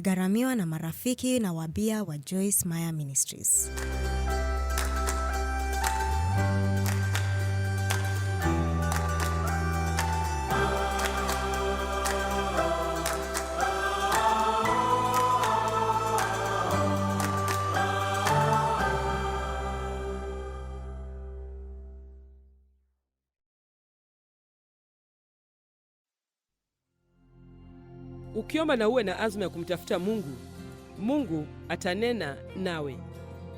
Gharamiwa na marafiki na wabia wa Joyce Meyer Ministries. Ukiomba na uwe na azma ya kumtafuta Mungu, Mungu atanena nawe.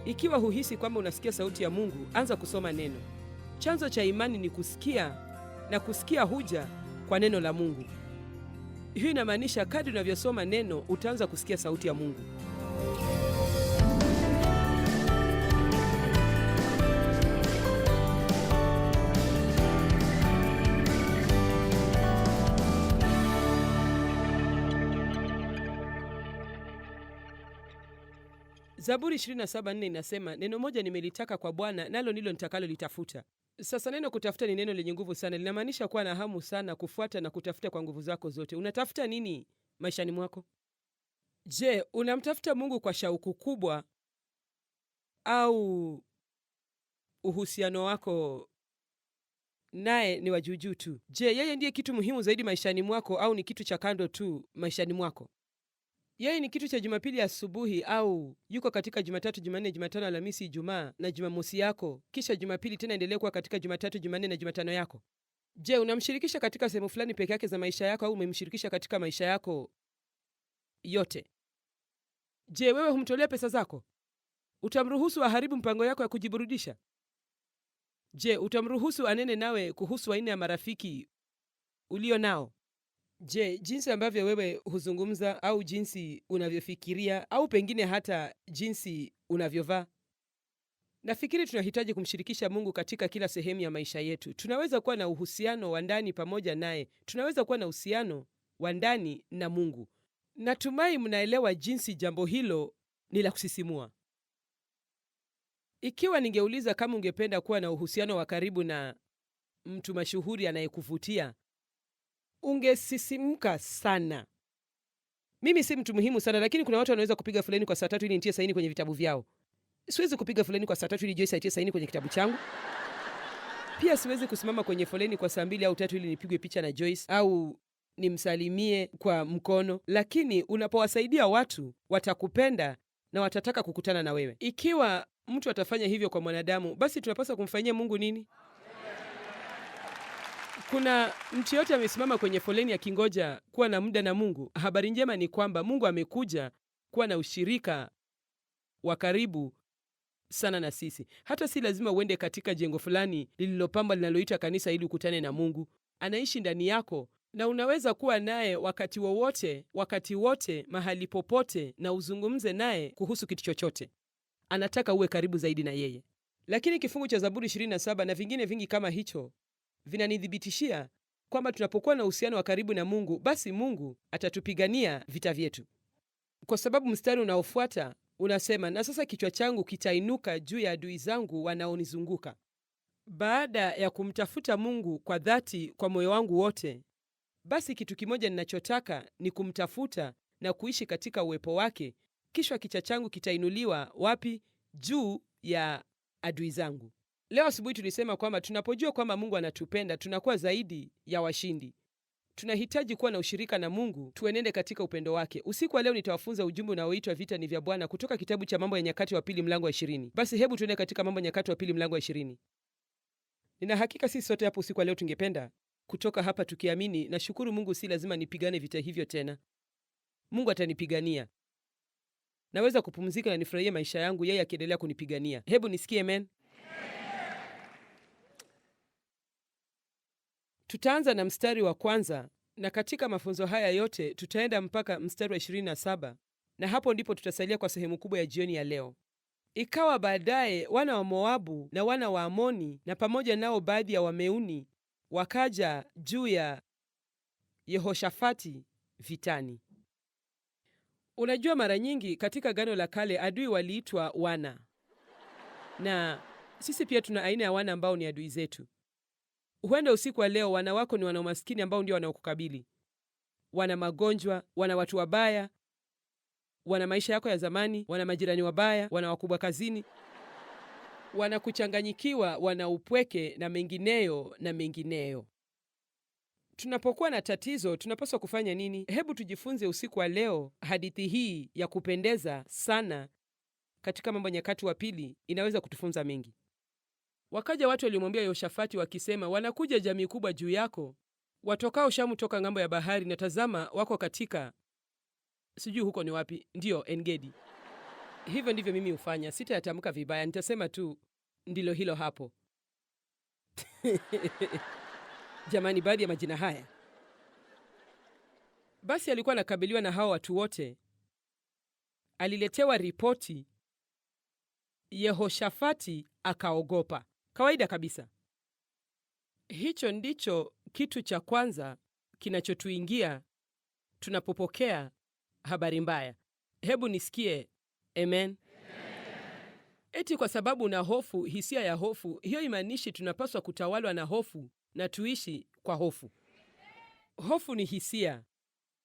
Ikiwa huhisi kwamba unasikia sauti ya Mungu, anza kusoma neno. Chanzo cha imani ni kusikia na kusikia huja kwa neno la Mungu. Hii inamaanisha kadri unavyosoma neno utaanza kusikia sauti ya Mungu. Zaburi 27:4 inasema, neno moja nimelitaka kwa Bwana, nalo ndilo nitakalolitafuta. Sasa neno kutafuta ni neno lenye nguvu sana, linamaanisha kuwa na hamu sana kufuata na kutafuta kwa nguvu zako zote. Unatafuta nini maishani mwako? Je, unamtafuta Mungu kwa shauku kubwa au uhusiano wako naye ni wa tu? Je, yeye ndiye kitu muhimu zaidi maishani mwako au ni kitu cha kando tu maishani mwako? Yeye ni kitu cha Jumapili asubuhi au yuko katika Jumatatu, Jumanne, Jumatano, Alhamisi, Ijumaa na Jumamosi yako, kisha Jumapili tena endelee kuwa katika Jumatatu, Jumanne na Jumatano yako? Je, unamshirikisha katika sehemu fulani peke yake za maisha yako au umemshirikisha katika maisha yako yote? Je, wewe humtolea pesa zako? Utamruhusu aharibu mpango yako ya kujiburudisha? Je, utamruhusu anene nawe kuhusu aina ya marafiki ulio nao? Je, jinsi ambavyo wewe huzungumza au jinsi unavyofikiria au pengine hata jinsi unavyovaa? Nafikiri tunahitaji kumshirikisha Mungu katika kila sehemu ya maisha yetu. Tunaweza kuwa na uhusiano wa ndani pamoja naye, tunaweza kuwa na uhusiano wa ndani na Mungu. Natumai mnaelewa jinsi jambo hilo ni la kusisimua. Ikiwa ningeuliza kama ungependa kuwa na uhusiano wa karibu na mtu mashuhuri anayekuvutia, ungesisimka sana. Mimi si mtu muhimu sana, lakini kuna watu wanaweza kupiga foleni kwa saa tatu ili nitie saini kwenye vitabu vyao. Siwezi kupiga foleni kwa saa tatu ili Joyce aitie saini kwenye kitabu changu. Pia siwezi kusimama kwenye foleni kwa saa mbili au tatu ili nipigwe picha na Joyce au nimsalimie kwa mkono. Lakini unapowasaidia watu, watakupenda na watataka kukutana na wewe. Ikiwa mtu atafanya hivyo kwa mwanadamu, basi tunapaswa kumfanyia Mungu nini? kuna mtu yoyote amesimama kwenye foleni akingoja kuwa na muda na Mungu, habari njema ni kwamba Mungu amekuja kuwa na ushirika wa karibu sana na sisi. Hata si lazima uende katika jengo fulani lililopambwa linaloitwa kanisa ili ukutane na Mungu. Anaishi ndani yako na unaweza kuwa naye wakati wowote, wakati wote, mahali popote, na uzungumze naye kuhusu kitu chochote. Anataka uwe karibu zaidi na yeye. Lakini kifungu cha Zaburi 27 na vingine vingi kama hicho vinanithibitishia kwamba tunapokuwa na uhusiano wa karibu na Mungu, basi Mungu atatupigania vita vyetu, kwa sababu mstari unaofuata unasema, na sasa kichwa changu kitainuka juu ya adui zangu wanaonizunguka. Baada ya kumtafuta Mungu kwa dhati kwa moyo wangu wote, basi kitu kimoja ninachotaka ni kumtafuta na kuishi katika uwepo wake, kisha kichwa changu kitainuliwa wapi? Juu ya adui zangu. Leo asubuhi tulisema kwamba tunapojua kwamba Mungu anatupenda tunakuwa zaidi ya washindi. Tunahitaji kuwa na ushirika na Mungu, tuenende katika upendo wake. Usiku wa leo nitawafunza ujumbe unaoitwa vita ni vya Bwana kutoka kitabu cha Mambo ya Nyakati wa Pili mlango wa ishirini. Basi hebu tuende katika Mambo ya Nyakati wa Pili mlango wa ishirini. Nina hakika sisi sote hapo usiku wa leo tungependa kutoka hapa tukiamini, nashukuru Mungu, si lazima nipigane vita hivyo tena, Mungu atanipigania, naweza kupumzika na nifurahie maisha yangu, yeye akiendelea kunipigania. Hebu nisikie men Tutaanza na mstari wa kwanza na katika mafunzo haya yote tutaenda mpaka mstari wa 27 na hapo ndipo tutasalia kwa sehemu kubwa ya jioni ya leo. Ikawa baadaye wana wa Moabu na wana wa Amoni na pamoja nao baadhi ya Wameuni wakaja juu ya Yehoshafati vitani. Unajua, mara nyingi katika gano la Kale adui waliitwa wana, na sisi pia tuna aina ya wana ambao ni adui zetu. Huenda usiku wa leo wana wako ni wana umaskini ambao ndio wanaokukabili, wana magonjwa, wana watu wabaya, wana maisha yako ya zamani, wana majirani wabaya, wana wakubwa kazini, wana kuchanganyikiwa, wana upweke na mengineyo na mengineyo. Tunapokuwa na tatizo tunapaswa kufanya nini? Hebu tujifunze usiku wa leo hadithi hii ya kupendeza sana katika Mambo Nyakati wa Pili inaweza kutufunza mengi. Wakaja watu waliomwambia Yehoshafati wakisema, wanakuja jamii kubwa juu yako watokao Shamu toka ng'ambo ya bahari, na tazama, wako katika sijui huko ni wapi, ndiyo Engedi. Hivyo ndivyo mimi hufanya, sitayatamka vibaya, nitasema tu ndilo hilo hapo. Jamani, baadhi ya majina haya! Basi alikuwa anakabiliwa na hao watu wote, aliletewa ripoti. Yehoshafati akaogopa. Kawaida kabisa. Hicho ndicho kitu cha kwanza kinachotuingia tunapopokea habari mbaya. Hebu nisikie amen. Eti kwa sababu na hofu, hisia ya hofu hiyo, imaanishi tunapaswa kutawalwa na hofu na tuishi kwa hofu. Hofu ni hisia,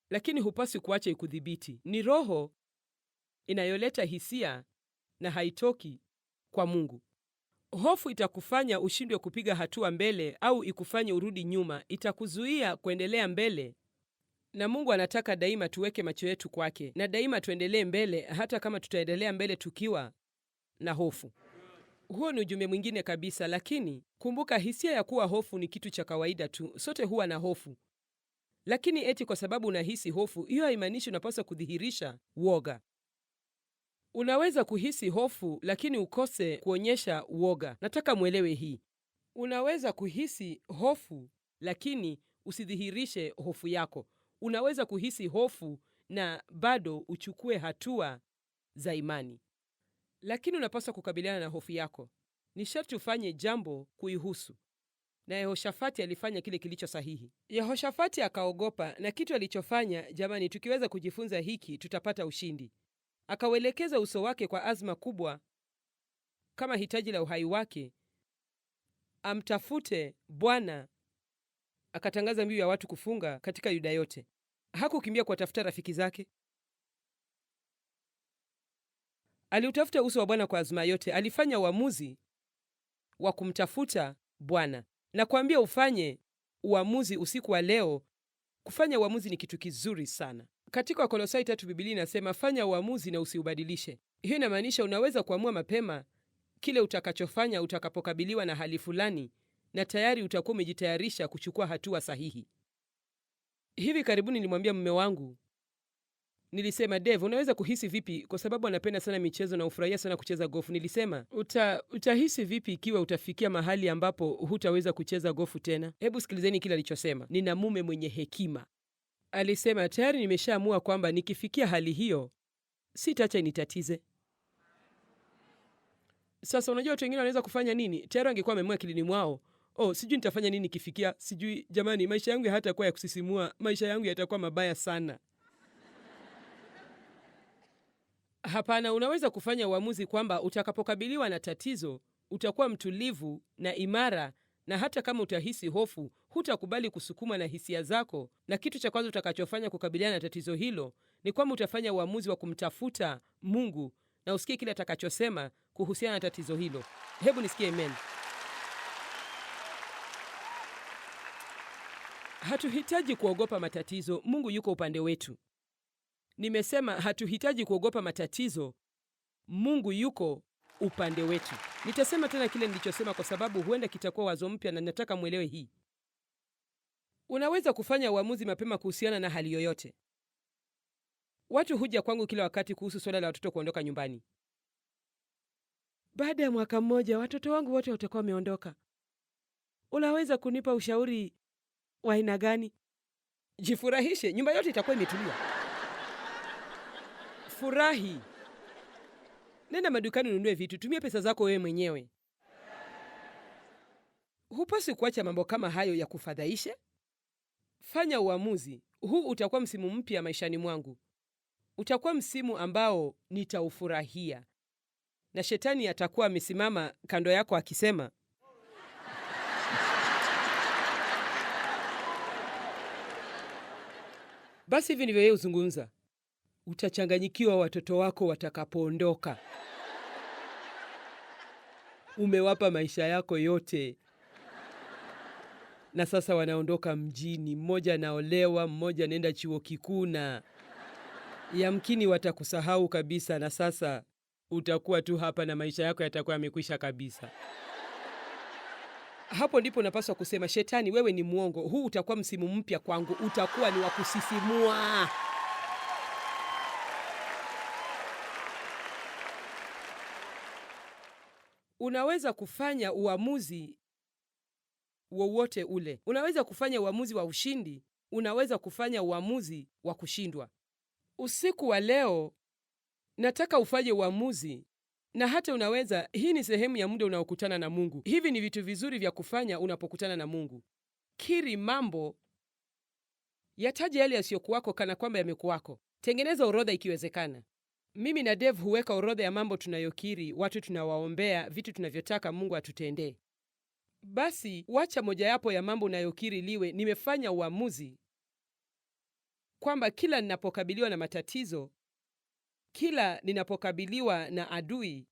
lakini hupaswi kuacha ikudhibiti. Ni roho inayoleta hisia na haitoki kwa Mungu. Hofu itakufanya ushindwe kupiga hatua mbele au ikufanye urudi nyuma, itakuzuia kuendelea mbele. Na Mungu anataka daima tuweke macho yetu kwake na daima tuendelee mbele, hata kama tutaendelea mbele tukiwa na hofu. Huo ni ujumbe mwingine kabisa, lakini kumbuka, hisia ya kuwa hofu ni kitu cha kawaida tu. Sote huwa na hofu, lakini eti kwa sababu unahisi hofu, hiyo haimaanishi unapaswa kudhihirisha woga. Unaweza kuhisi hofu lakini ukose kuonyesha uoga. Nataka mwelewe hii. Unaweza kuhisi hofu lakini usidhihirishe hofu yako. Unaweza kuhisi hofu na bado uchukue hatua za imani, lakini unapaswa kukabiliana na hofu yako. Ni sharti ufanye jambo kuihusu. Na Yehoshafati alifanya kile kilicho sahihi. Yehoshafati akaogopa, na kitu alichofanya, jamani, tukiweza kujifunza hiki tutapata ushindi akawelekeza uso wake kwa azma kubwa kama hitaji la uhai wake amtafute Bwana. Akatangaza mbiu ya watu kufunga katika Yuda yote. Hakukimbia kuwatafuta rafiki zake, aliutafuta uso wa Bwana kwa azma yote. Alifanya uamuzi wa kumtafuta Bwana na kuambia, ufanye uamuzi usiku wa leo. Kufanya uamuzi ni kitu kizuri sana. Katika Wakolosai tatu Biblia inasema fanya uamuzi na usiubadilishe. Hiyo inamaanisha unaweza kuamua mapema kile utakachofanya utakapokabiliwa na hali fulani, na tayari utakuwa umejitayarisha kuchukua hatua sahihi. Hivi karibuni nilimwambia mume wangu, nilisema Dave, unaweza kuhisi vipi? Kwa sababu anapenda sana michezo na ufurahia sana kucheza gofu. Nilisema uta, utahisi vipi ikiwa utafikia mahali ambapo hutaweza kucheza gofu tena? Hebu sikilizeni kile alichosema. Nina mume mwenye hekima, Alisema tayari nimeshaamua kwamba nikifikia hali hiyo sitacha initatize. Sasa unajua, watu wengine wanaweza kufanya nini? Tayari wangekuwa amemua kilini mwao, oh, sijui nitafanya nini kifikia, sijui jamani, maisha yangu hayatakuwa ya kusisimua, maisha yangu yatakuwa mabaya sana. Hapana, unaweza kufanya uamuzi kwamba utakapokabiliwa na tatizo utakuwa mtulivu na imara na hata kama utahisi hofu, hutakubali kusukuma na hisia zako, na kitu cha kwanza utakachofanya kukabiliana na tatizo hilo ni kwamba utafanya uamuzi wa kumtafuta Mungu na usikie kile atakachosema kuhusiana na tatizo hilo. Hebu nisikie amen. Hatuhitaji kuogopa matatizo, Mungu yuko upande wetu. Nimesema hatuhitaji kuogopa matatizo, Mungu yuko upande wetu. Nitasema tena kile nilichosema kwa sababu huenda kitakuwa wazo mpya na nataka mwelewe hii. Unaweza kufanya uamuzi mapema kuhusiana na hali yoyote. Watu huja kwangu kila wakati kuhusu suala la watoto kuondoka nyumbani. Baada ya mwaka mmoja, watoto wangu wote watakuwa wameondoka. Unaweza kunipa ushauri wa aina gani? Jifurahishe, nyumba yote itakuwa imetulia. Furahi. Nenda madukani ununue vitu, tumia pesa zako wewe mwenyewe. Hupaswi kuacha mambo kama hayo ya kufadhaisha. Fanya uamuzi. Huu utakuwa msimu mpya maishani mwangu, utakuwa msimu ambao nitaufurahia, na shetani atakuwa amesimama kando yako akisema Basi hivi ndivyo yeye huzungumza. Utachanganyikiwa watoto wako watakapoondoka umewapa maisha yako yote na sasa wanaondoka mjini, mmoja anaolewa, mmoja anaenda chuo kikuu, na yamkini watakusahau kabisa, na sasa utakuwa tu hapa na maisha yako yatakuwa yamekwisha kabisa. Hapo ndipo napaswa kusema, Shetani, wewe ni mwongo. Huu utakuwa msimu mpya kwangu, utakuwa ni wa kusisimua. unaweza kufanya uamuzi wowote ule. Unaweza kufanya uamuzi wa ushindi, unaweza kufanya uamuzi wa kushindwa. Usiku wa leo nataka ufanye uamuzi, na hata unaweza, hii ni sehemu ya muda unaokutana na Mungu. Hivi ni vitu vizuri vya kufanya unapokutana na Mungu: kiri mambo, yataje yale yasiyokuwako kana kwamba yamekuwako. Tengeneza orodha ikiwezekana. Mimi na dev huweka orodha ya mambo tunayokiri, watu tunawaombea, vitu tunavyotaka Mungu atutendee. Basi wacha mojayapo ya mambo unayokiri liwe nimefanya uamuzi kwamba kila ninapokabiliwa na matatizo, kila ninapokabiliwa na adui,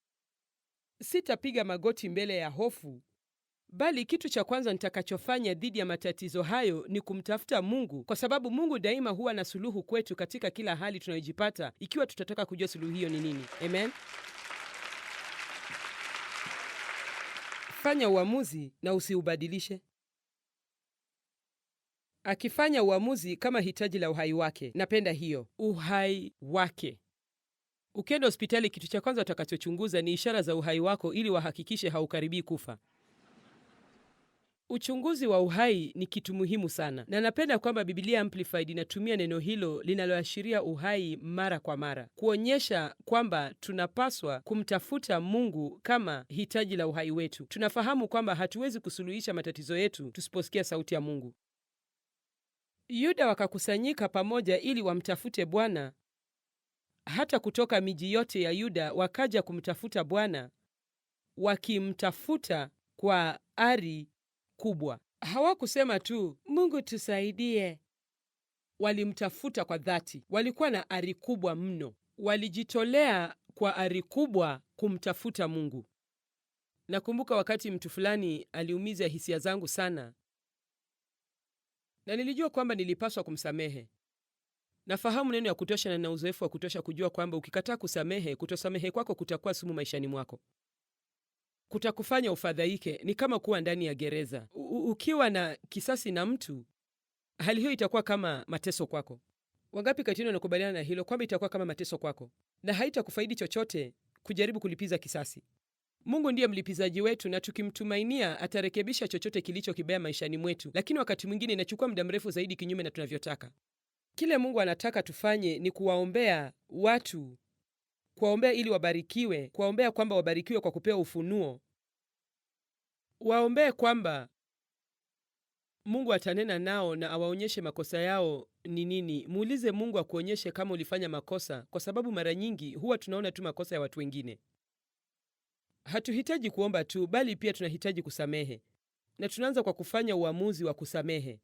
sitapiga magoti mbele ya hofu bali kitu cha kwanza nitakachofanya dhidi ya matatizo hayo ni kumtafuta Mungu, kwa sababu Mungu daima huwa na suluhu kwetu katika kila hali tunayojipata, ikiwa tutataka kujua suluhu hiyo ni nini. Amen. Fanya uamuzi na usiubadilishe. Akifanya uamuzi kama hitaji la uhai wake. Napenda hiyo, uhai wake. Ukienda hospitali, kitu cha kwanza utakachochunguza ni ishara za uhai wako, ili wahakikishe haukaribii kufa. Uchunguzi wa uhai ni kitu muhimu sana, na napenda kwamba Biblia Amplified inatumia neno hilo linaloashiria uhai mara kwa mara kuonyesha kwamba tunapaswa kumtafuta Mungu kama hitaji la uhai wetu. Tunafahamu kwamba hatuwezi kusuluhisha matatizo yetu tusiposikia sauti ya Mungu. Yuda wakakusanyika pamoja ili wamtafute Bwana. Hata kutoka miji yote ya Yuda wakaja kumtafuta Bwana, wakimtafuta kwa ari kubwa. Hawakusema tu Mungu tusaidie, walimtafuta kwa dhati. Walikuwa na ari kubwa mno, walijitolea kwa ari kubwa kumtafuta Mungu. Nakumbuka wakati mtu fulani aliumiza hisia zangu sana, na nilijua kwamba nilipaswa kumsamehe. Nafahamu neno ya kutosha na nina uzoefu wa kutosha kujua kwamba ukikataa kusamehe, kutosamehe kwako kutakuwa sumu maishani mwako kutakufanya ufadhaike. Ni kama kuwa ndani ya gereza. U ukiwa na kisasi na mtu, hali hiyo itakuwa kama mateso kwako. Wangapi kati yenu wanakubaliana na hilo kwamba itakuwa kama mateso kwako na haitakufaidi chochote kujaribu kulipiza kisasi? Mungu ndiye mlipizaji wetu, na tukimtumainia atarekebisha chochote kilicho kibaya maishani mwetu, lakini wakati mwingine inachukua muda mrefu zaidi, kinyume na tunavyotaka. Kile Mungu anataka tufanye ni kuwaombea watu kuwaombea ili wabarikiwe, kuwaombea kwamba wabarikiwe kwa kupewa ufunuo. Waombee kwamba Mungu atanena nao na awaonyeshe makosa yao ni nini. Muulize Mungu akuonyeshe kama ulifanya makosa, kwa sababu mara nyingi huwa tunaona tu makosa ya watu wengine. Hatuhitaji kuomba tu, bali pia tunahitaji kusamehe, na tunaanza kwa kufanya uamuzi wa kusamehe.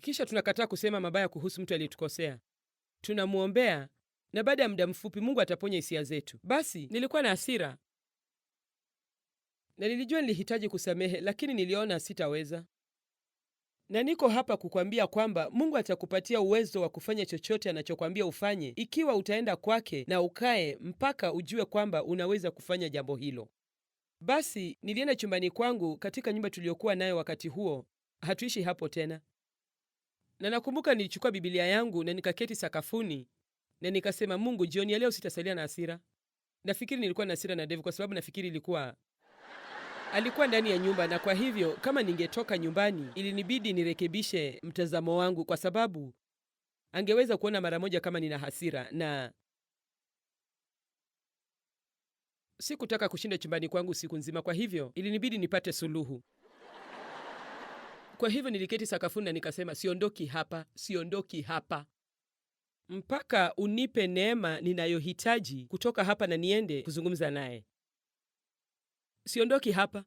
Kisha tunakataa kusema mabaya kuhusu mtu aliyetukosea. Tunamwombea na baada ya muda mfupi Mungu ataponya hisia zetu. Basi nilikuwa na hasira na nilijua nilihitaji kusamehe, lakini niliona sitaweza, na niko hapa kukwambia kwamba Mungu atakupatia uwezo wa kufanya chochote anachokwambia ufanye, ikiwa utaenda kwake na ukae mpaka ujue kwamba unaweza kufanya jambo hilo. Basi nilienda chumbani kwangu katika nyumba tuliyokuwa nayo wakati huo, hatuishi hapo tena, na nakumbuka nilichukua Biblia yangu na nikaketi sakafuni na nikasema Mungu, jioni ya leo sitasalia na asira Nafikiri nilikuwa na asira na devi kwa sababu nafikiri ilikuwa alikuwa ndani ya nyumba, na kwa hivyo kama ningetoka nyumbani, ilinibidi nirekebishe mtazamo wangu, kwa sababu angeweza kuona mara moja kama nina hasira, na sikutaka kushinda chumbani kwangu siku nzima. Kwa hivyo ilinibidi nipate suluhu. Kwa hivyo niliketi sakafuni na nikasema, siondoki hapa, siondoki hapa mpaka unipe neema ninayohitaji kutoka hapa na niende kuzungumza naye. Siondoki hapa.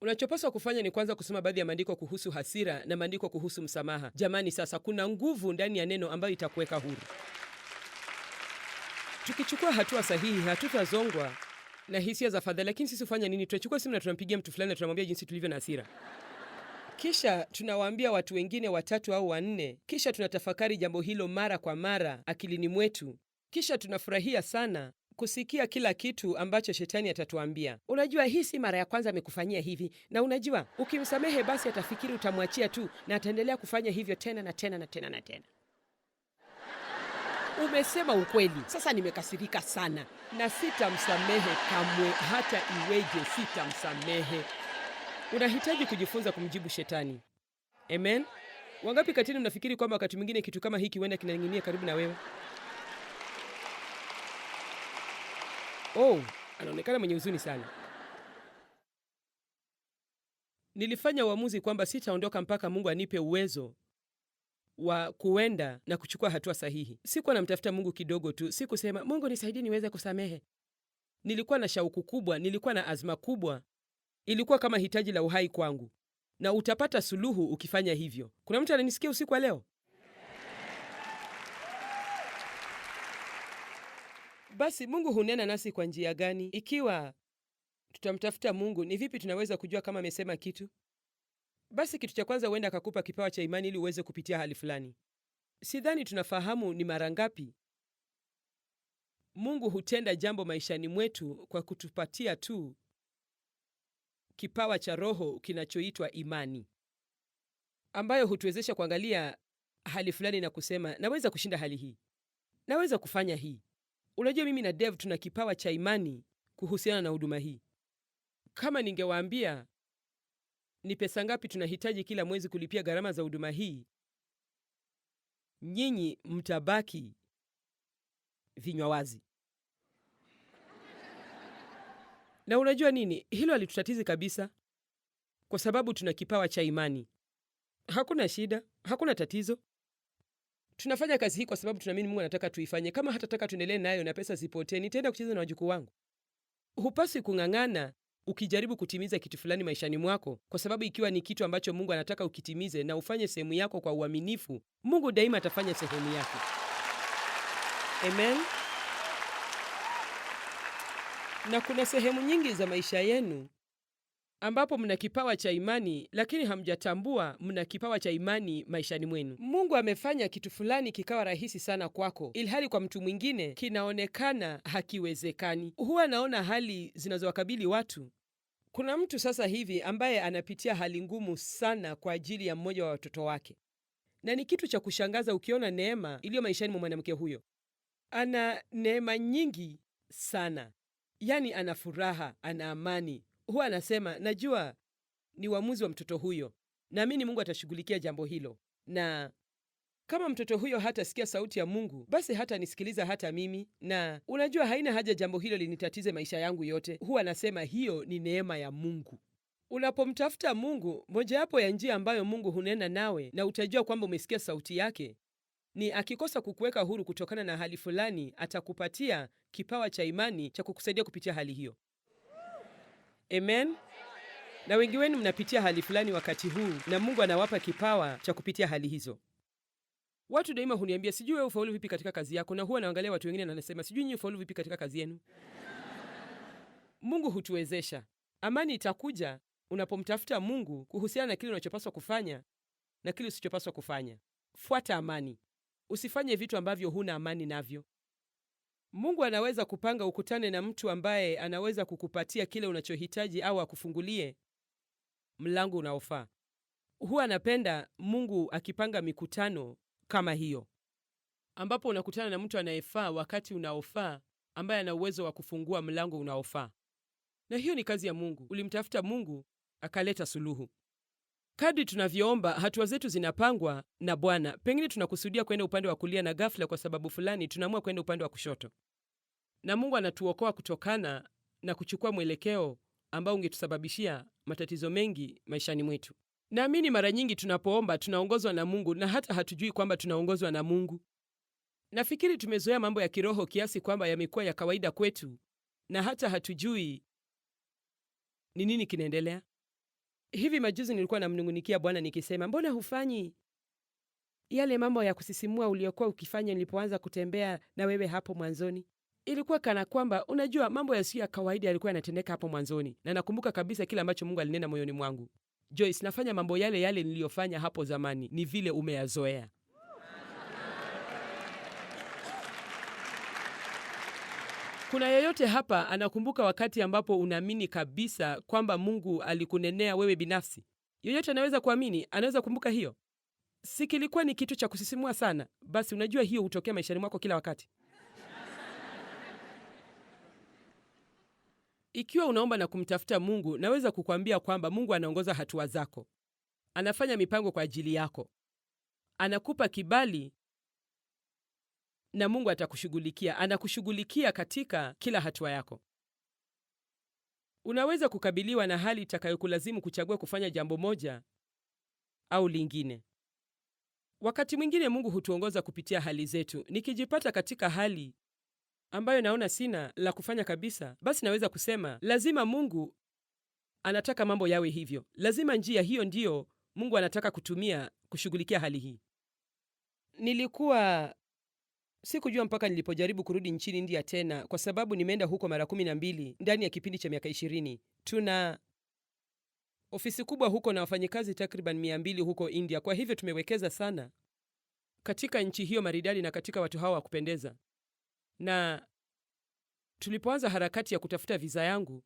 Unachopaswa kufanya ni kwanza kusoma baadhi ya maandiko kuhusu hasira na maandiko kuhusu msamaha. Jamani, sasa kuna nguvu ndani ya neno ambayo itakuweka huru. Tukichukua hatua sahihi, hatutazongwa na hisia za fadhali Lakini sisi hufanya nini? Tunachukua simu na tunampigia mtu fulani na tunamwambia jinsi tulivyo na hasira kisha tunawaambia watu wengine watatu au wanne, kisha tunatafakari jambo hilo mara kwa mara akilini mwetu, kisha tunafurahia sana kusikia kila kitu ambacho shetani atatuambia. Unajua, hii si mara ya kwanza amekufanyia hivi, na unajua ukimsamehe, basi atafikiri utamwachia tu, na ataendelea kufanya hivyo tena na tena na tena na tena. Umesema ukweli. Sasa nimekasirika sana na sitamsamehe kamwe, hata iweje, sitamsamehe. Unahitaji kujifunza kumjibu shetani. Amen. Wangapi katini mnafikiri kwamba wakati mwingine kitu kama hiki huenda kinaning'inia karibu na wewe? Oh, anaonekana mwenye huzuni sana. Nilifanya uamuzi kwamba sitaondoka mpaka Mungu anipe uwezo wa kuenda na kuchukua hatua sahihi. Sikuwa namtafuta Mungu kidogo tu, sikusema Mungu nisaidie niweze kusamehe. Nilikuwa na shauku kubwa, nilikuwa na azma kubwa Ilikuwa kama hitaji la uhai kwangu, na utapata suluhu ukifanya hivyo. Kuna mtu ananisikia usiku wa leo? Basi Mungu hunena nasi kwa njia gani? Ikiwa tutamtafuta Mungu, ni vipi tunaweza kujua kama amesema kitu? Basi kitu cha kwanza, huenda akakupa kipawa cha imani ili uweze kupitia hali fulani. Sidhani tunafahamu ni mara ngapi Mungu hutenda jambo maishani mwetu kwa kutupatia tu kipawa cha roho kinachoitwa imani, ambayo hutuwezesha kuangalia hali fulani na kusema naweza kushinda hali hii, naweza kufanya hii. Unajua, mimi na Dev tuna kipawa cha imani kuhusiana na huduma hii. Kama ningewaambia ni pesa ngapi tunahitaji kila mwezi kulipia gharama za huduma hii, nyinyi mtabaki vinywa wazi. Na unajua nini, hilo halitutatizi kabisa, kwa sababu tuna kipawa cha imani. Hakuna shida, hakuna tatizo. Tunafanya kazi hii kwa sababu tunaamini Mungu anataka tuifanye. Kama hatataka tuendelee nayo na pesa zipotee, nitaenda kucheza na wajukuu wangu. Hupasi kung'ang'ana ukijaribu kutimiza kitu fulani maishani mwako, kwa sababu ikiwa ni kitu ambacho Mungu anataka ukitimize na ufanye sehemu yako kwa uaminifu, Mungu daima atafanya sehemu yake. Amen. Na kuna sehemu nyingi za maisha yenu ambapo mna kipawa cha imani lakini hamjatambua mna kipawa cha imani maishani mwenu. Mungu amefanya kitu fulani kikawa rahisi sana kwako, ilhali kwa mtu mwingine kinaonekana hakiwezekani. Huwa naona hali zinazowakabili watu. Kuna mtu sasa hivi ambaye anapitia hali ngumu sana kwa ajili ya mmoja wa watoto wake, na ni kitu cha kushangaza ukiona neema iliyo maishani mwa mwanamke huyo. Ana neema nyingi sana yani ana furaha, ana amani. Huwa anasema najua ni uamuzi wa mtoto huyo, naamini Mungu atashughulikia jambo hilo, na kama mtoto huyo hatasikia sauti ya Mungu, basi hata nisikiliza hata mimi, na unajua, haina haja jambo hilo linitatize maisha yangu yote. Huwa anasema hiyo ni neema ya Mungu. Unapomtafuta Mungu, mojawapo ya njia ambayo Mungu hunena nawe na utajua kwamba umesikia sauti yake ni akikosa kukuweka huru kutokana na hali fulani, atakupatia kipawa cha imani cha kukusaidia kupitia hali hiyo. Amen. Na wengi wenu mnapitia hali fulani wakati huu, na Mungu anawapa kipawa cha kupitia hali hizo. Watu daima huniambia sijui wewe ufaulu vipi katika kazi yako, na huwa naangalia watu wengine na nasema sijui nyinyi ufaulu vipi katika kazi yenu. Mungu hutuwezesha. Amani itakuja unapomtafuta Mungu kuhusiana na kile unachopaswa kufanya na kile usichopaswa kufanya. Fuata amani, usifanye vitu ambavyo huna amani navyo. Mungu anaweza kupanga ukutane na mtu ambaye anaweza kukupatia kile unachohitaji au akufungulie mlango unaofaa. Huwa anapenda Mungu akipanga mikutano kama hiyo, ambapo unakutana na mtu anayefaa wakati unaofaa, ambaye ana uwezo wa kufungua mlango unaofaa. Na hiyo ni kazi ya Mungu. Ulimtafuta Mungu akaleta suluhu. Kadri tunavyoomba hatua zetu zinapangwa na Bwana. Pengine tunakusudia kwenda upande wa kulia, na ghafla, kwa sababu fulani, tunaamua kwenda upande wa kushoto, na Mungu anatuokoa kutokana na kuchukua mwelekeo ambao ungetusababishia matatizo mengi maishani mwetu. Naamini mara nyingi tunapoomba tunaongozwa na Mungu na hata hatujui kwamba tunaongozwa na Mungu. Nafikiri tumezoea mambo ya kiroho kiasi kwamba yamekuwa ya kawaida kwetu na hata hatujui ni nini kinaendelea. Hivi majuzi nilikuwa namnung'unikia Bwana nikisema, mbona hufanyi yale mambo ya kusisimua uliokuwa ukifanya nilipoanza kutembea na wewe hapo mwanzoni? Ilikuwa kana kwamba, unajua, mambo yasiyo ya kawaida yalikuwa yanatendeka hapo mwanzoni, na nakumbuka kabisa kile ambacho Mungu alinena moyoni mwangu, Joyce, nafanya mambo yale yale niliyofanya hapo zamani, ni vile umeyazoea. Kuna yeyote hapa anakumbuka wakati ambapo unaamini kabisa kwamba Mungu alikunenea wewe binafsi? Yeyote anaweza kuamini, anaweza kukumbuka hiyo? Si kilikuwa ni kitu cha kusisimua sana? Basi unajua hiyo hutokea maishani mwako kila wakati. Ikiwa unaomba na kumtafuta Mungu, naweza kukwambia kwamba Mungu anaongoza hatua zako. Anafanya mipango kwa ajili yako. Anakupa kibali na Mungu atakushughulikia. Anakushughulikia katika kila hatua yako. Unaweza kukabiliwa na hali itakayokulazimu kuchagua kufanya jambo moja au lingine. Wakati mwingine Mungu hutuongoza kupitia hali zetu. Nikijipata katika hali ambayo naona sina la kufanya kabisa, basi naweza kusema lazima Mungu anataka mambo yawe hivyo, lazima njia hiyo ndiyo Mungu anataka kutumia kushughulikia hali hii. Nilikuwa Sikujua mpaka nilipojaribu kurudi nchini India tena, kwa sababu nimeenda huko mara kumi na mbili ndani ya kipindi cha miaka ishirini. Tuna ofisi kubwa huko na wafanyikazi takriban mia mbili huko India. Kwa hivyo tumewekeza sana katika nchi hiyo maridadi na katika watu hawa wa kupendeza. Na tulipoanza harakati ya kutafuta viza yangu,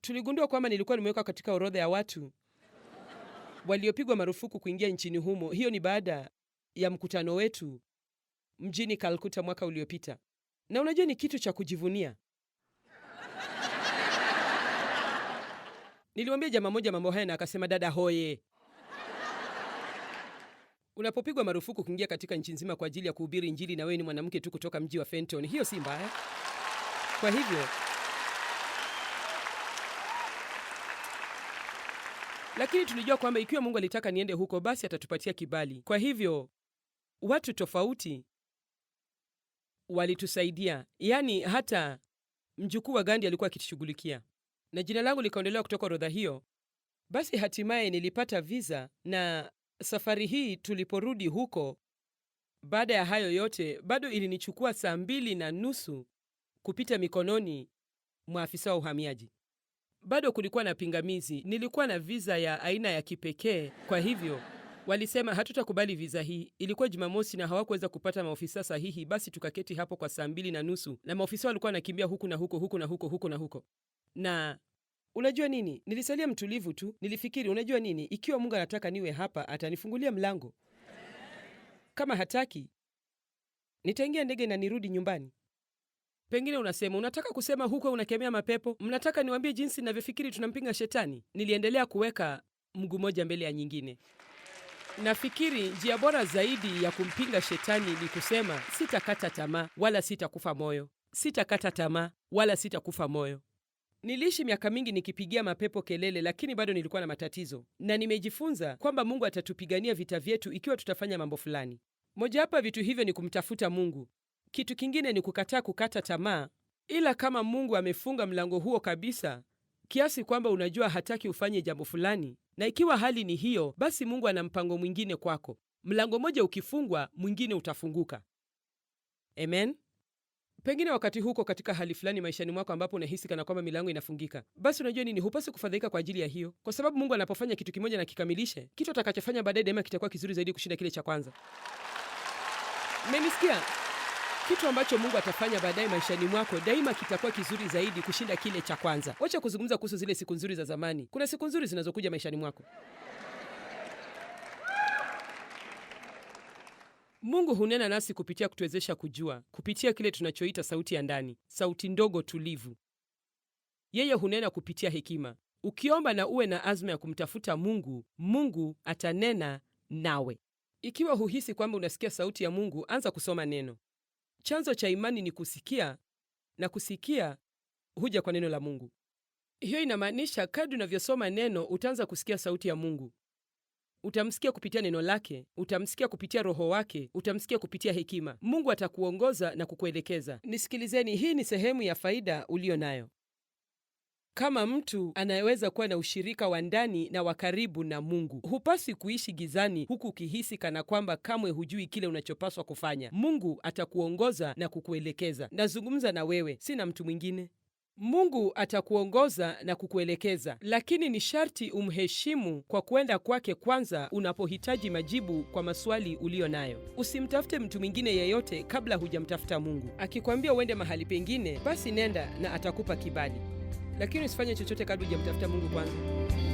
tuligundua kwamba nilikuwa nimewekwa katika orodha ya watu waliopigwa marufuku kuingia nchini humo. Hiyo ni baada ya mkutano wetu mjini Kalkuta mwaka uliopita, na unajua ni kitu cha kujivunia. Nilimwambia jamaa moja mambo haya na akasema, dada hoye, unapopigwa marufuku kuingia katika nchi nzima kwa ajili ya kuhubiri Injili na wewe ni mwanamke tu kutoka mji wa Fenton, hiyo si mbaya. Kwa hivyo lakini tulijua kwamba ikiwa Mungu alitaka niende huko, basi atatupatia kibali. Kwa hivyo watu tofauti walitusaidia, yani hata mjukuu wa gandi alikuwa akitushughulikia, na jina langu likaondolewa kutoka orodha hiyo. Basi hatimaye nilipata viza na safari hii tuliporudi huko, baada ya hayo yote, bado ilinichukua saa mbili na nusu kupita mikononi mwa afisa wa uhamiaji. Bado kulikuwa na pingamizi. Nilikuwa na viza ya aina ya kipekee, kwa hivyo Walisema hatutakubali viza hii. Ilikuwa Jumamosi na hawakuweza kupata maofisa sahihi, basi tukaketi hapo kwa saa mbili na nusu na maofisa walikuwa wanakimbia huku na huko huku na huko huku na huko na Unajua nini, nilisalia mtulivu tu. Nilifikiri, unajua nini, ikiwa Mungu anataka niwe hapa atanifungulia mlango, kama hataki nitaingia ndege na nirudi nyumbani. Pengine unasema unataka kusema huko unakemea mapepo, mnataka niwaambie jinsi ninavyofikiri tunampinga Shetani. Niliendelea kuweka mguu moja mbele ya nyingine. Nafikiri njia bora zaidi ya kumpinga shetani ni kusema sitakata tamaa wala sitakufa moyo, sitakata tamaa wala sitakufa moyo. Niliishi miaka mingi nikipigia mapepo kelele, lakini bado nilikuwa na matatizo, na nimejifunza kwamba Mungu atatupigania vita vyetu ikiwa tutafanya mambo fulani. Mojawapo ya vitu hivyo ni kumtafuta Mungu. Kitu kingine ni kukataa kukata tamaa, ila kama Mungu amefunga mlango huo kabisa kiasi kwamba unajua hataki ufanye jambo fulani, na ikiwa hali ni hiyo, basi Mungu ana mpango mwingine kwako. Mlango mmoja ukifungwa, mwingine utafunguka. Amen. Pengine wakati huko katika hali fulani maishani mwako ambapo unahisi kana kwamba milango inafungika, basi unajua nini, hupasi kufadhaika kwa ajili ya hiyo, kwa sababu Mungu anapofanya kitu kimoja na kikamilishe, kitu atakachofanya baadaye daima kitakuwa kizuri zaidi kushinda kile cha kwanza kitu ambacho Mungu atafanya baadaye maishani mwako daima kitakuwa kizuri zaidi kushinda kile cha kwanza. Wacha kuzungumza kuhusu zile siku nzuri za zamani. Kuna siku nzuri zinazokuja maishani mwako. Mungu hunena nasi kupitia kutuwezesha kujua, kupitia kile tunachoita sauti ya ndani, sauti ndogo tulivu. Yeye hunena kupitia hekima. Ukiomba na uwe na azma ya kumtafuta Mungu, Mungu atanena nawe. Ikiwa huhisi kwamba unasikia sauti ya Mungu, anza kusoma neno. Chanzo cha imani ni kusikia na kusikia huja kwa neno la Mungu. Hiyo inamaanisha kadri unavyosoma neno utaanza kusikia sauti ya Mungu. Utamsikia kupitia neno lake, utamsikia kupitia Roho wake, utamsikia kupitia hekima. Mungu atakuongoza na kukuelekeza. Nisikilizeni, hii ni sehemu ya faida uliyo nayo. Kama mtu anayeweza kuwa na ushirika wa ndani na wa karibu na Mungu, hupaswi kuishi gizani huku ukihisi kana kwamba kamwe hujui kile unachopaswa kufanya. Mungu atakuongoza na kukuelekeza. Nazungumza na wewe, si na mtu mwingine. Mungu atakuongoza na kukuelekeza, lakini ni sharti umheshimu kwa kuenda kwake kwanza unapohitaji majibu kwa maswali uliyo nayo. Usimtafute mtu mwingine yeyote kabla hujamtafuta Mungu. Akikwambia uende mahali pengine, basi nenda na atakupa kibali lakini usifanye chochote kabla hujamtafuta Mungu kwanza.